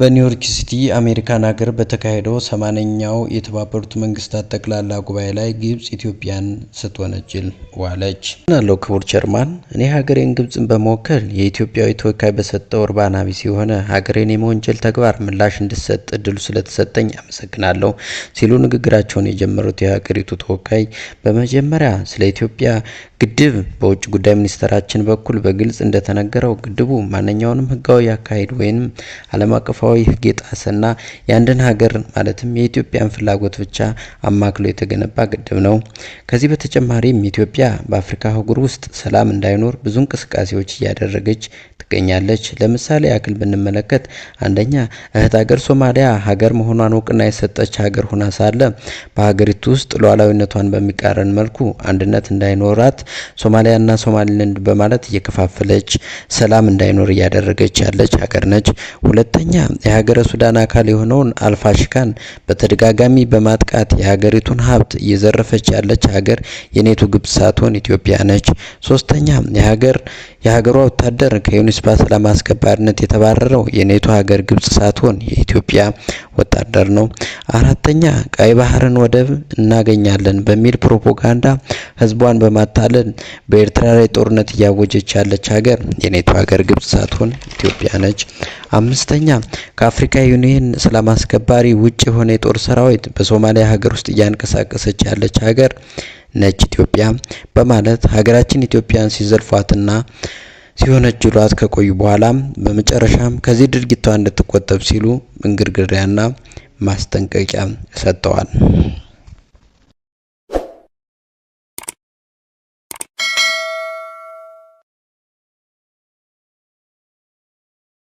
በኒውዮርክ ሲቲ አሜሪካን ሀገር በተካሄደው ሰማንያኛው የተባበሩት መንግስታት ጠቅላላ ጉባኤ ላይ ግብጽ ኢትዮጵያን ስትወነጅል ዋለች። ናለው ክቡር ቸርማን፣ እኔ ሀገሬን ግብጽን በመወከል የኢትዮጵያዊ ተወካይ በሰጠው እርባና ቢስ የሆነ ሀገሬን የመወንጀል ተግባር ምላሽ እንድሰጥ እድሉ ስለተሰጠኝ አመሰግናለሁ ሲሉ ንግግራቸውን የጀመሩት የሀገሪቱ ተወካይ በመጀመሪያ ስለ ኢትዮጵያ ግድብ በውጭ ጉዳይ ሚኒስትራችን በኩል በግልጽ እንደተነገረው ግድቡ ማንኛውንም ህጋዊ አካሄድ ወይም ዓለም አቀፍ ይፋዊ ሕግ የጣሰና የአንድን ሀገር ማለትም የኢትዮጵያን ፍላጎት ብቻ አማክሎ የተገነባ ግድብ ነው። ከዚህ በተጨማሪም ኢትዮጵያ በአፍሪካ አህጉር ውስጥ ሰላም እንዳይኖር ብዙ እንቅስቃሴዎች እያደረገች ትገኛለች። ለምሳሌ ያክል ብንመለከት አንደኛ እህት ሀገር ሶማሊያ ሀገር መሆኗን እውቅና የሰጠች ሀገር ሆና ሳለ በሀገሪቱ ውስጥ ሉዓላዊነቷን በሚቃረን መልኩ አንድነት እንዳይኖራት ሶማሊያና ሶማሊላንድ በማለት እየከፋፈለች ሰላም እንዳይኖር እያደረገች ያለች ሀገር ነች። ሁለተኛ የሀገረ ሱዳን አካል የሆነውን አልፋሽካን በተደጋጋሚ በማጥቃት የሀገሪቱን ሀብት እየዘረፈች ያለች ሀገር የኔቶ ግብጽ ሳትሆን ኢትዮጵያ ነች። ሶስተኛ የሀገር የሀገሯ ወታደር ከዩኒስፓ ሰላም አስከባሪነት የተባረረው የኔቶ ሀገር ግብጽ ሳትሆን የኢትዮጵያ ወታደር ነው። አራተኛ ቀይ ባህርን ወደብ እናገኛለን በሚል ፕሮፓጋንዳ ህዝቧን በማታለል በኤርትራ ላይ ጦርነት እያወጀች ያለች ሀገር የኔቶ ሀገር ግብጽ ሳትሆን ኢትዮጵያ ነች። አምስተኛ ከአፍሪካ ዩኒየን ሰላም አስከባሪ ውጭ የሆነ የጦር ሰራዊት በሶማሊያ ሀገር ውስጥ እያንቀሳቀሰች ያለች ሀገር ነች ኢትዮጵያ በማለት ሀገራችን ኢትዮጵያን ሲዘልፏትና ጅሏት ከቆዩ በኋላም በመጨረሻም ከዚህ ድርጊቷ እንድትቆጠብ ሲሉ መንገርገሪያና ማስጠንቀቂያ ሰጥተዋል